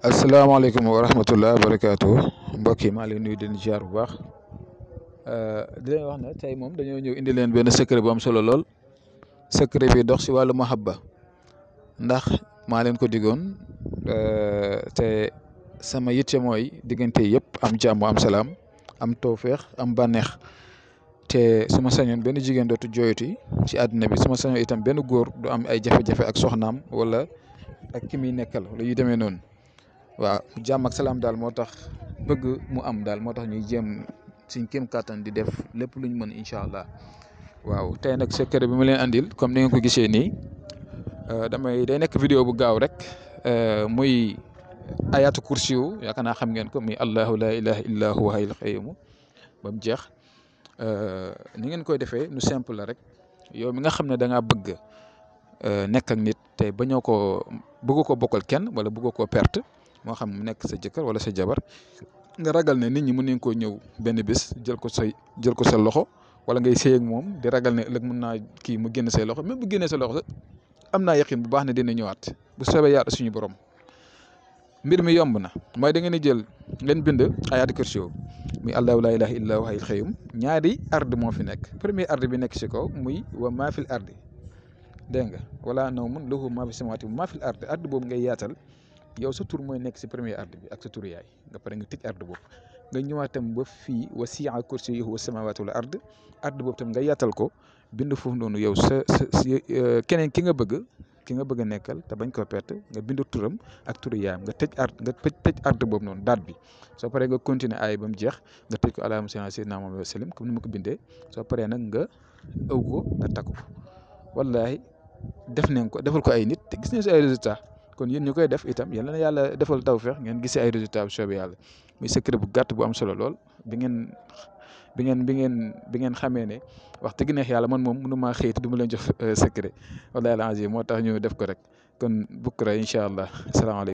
Assalamualaikum wa wabarakatuh. barakaatu mbokk yi maa leen nuyu di leen ziar bu baax eh, di leen wax ne tey moom dañoo ñëw indi leen benn secret bu am solo lool secret bi dox si wàllu mahabba ndax maa leen ko digoon eh, te sama yitte mooy diggante yëpp am jàmm am salaam am toofeex am bànneex te su ma sañoon benn jigéen dootu jooyati ci àddina bi su ma sañoon itam benn góor du am ay jafe-jafe ak soxnaam wala ak ki muy nekkal lu demee noonu wa jàmm ak salam dal motax bëgg mu am dal motax ñuy jëm suñ kim katan di def lepp luñu mëna inshallah waaw tey nag secret bi ma leen andil comme ni nga ko ni euh damay day nek vidéo bu gaaw rek euh, muy ayat kursi yu yakana xam ngeen ko mi allah la ilaha illa huwa hayul qayyum bam mu euh ni ngeen koy defee nu simple la rek yow mi nga xamne da nga bëgg euh, nek ak nit te bañoko ko bëgg ko kenn wala bëgg perte. moo xam mu nekk sa jëkkër wala sa jabar nga ragal ne nit ñi mën nañ koo ñëw benn bis jël ko say jël ko sa loxo wala ngay seey moom di ragal ne ëllëg mën naa kii mu génn say loxo même bu génnee sa loxo am naa yaqin bu baax ne dina ñëwaat bu soobee Yàlla suñu borom mbir mi yomb na mooy da jël ngeen bind ayaat kursi muy allahu laa ilaaha illaa huwal hayyul qayyuum ñaari ard moo fi nekk premier ard bi nekk si ko muy wa maa ardi dégg nga wala nawmun lahu maa fi samawaati wa maa boobu ngay yaatal yow sa tur mooy nekk si premier arde bi ak sa tur yaay nga pare nga tëj arde boobu nga ñëwaat tam ba fii wa si'a kursiyyuhu as-samaawaati wal ard arde boobu tam nga yaatal ko bind foofu noonu yow sa sa keneen ki nga bëgg ki nga bëgg nekkal te bañ koo perte nga bind turam ak turu yaayam nga tëj art nga tëj art boobu noonu daat bi soo paree nga continuer aay ba mu jeex nga tëj ko allahumma salli ala sayyidina Muhammad wa sallim comme ni ma ko bindee soo paree nag nga ëw ko nga takku ko wallaahi def nañ ko defal ko ay nit te gis nañ si ay kon yéen ñu koy def itam yal na yàlla defal tawféex ngeen gisee ay résultats bu soobee yàlla muy secret bu gàtt bu am solo lool bi ngeen bi ngeen bi ngeen bi ngeen xamee ne wax dëgg neex yàlla man moom mënu maa xëy te du ma leen jox euh, secret wallaahi moo tax ñu def ko rek kon bukra incha allah salaamaaleykum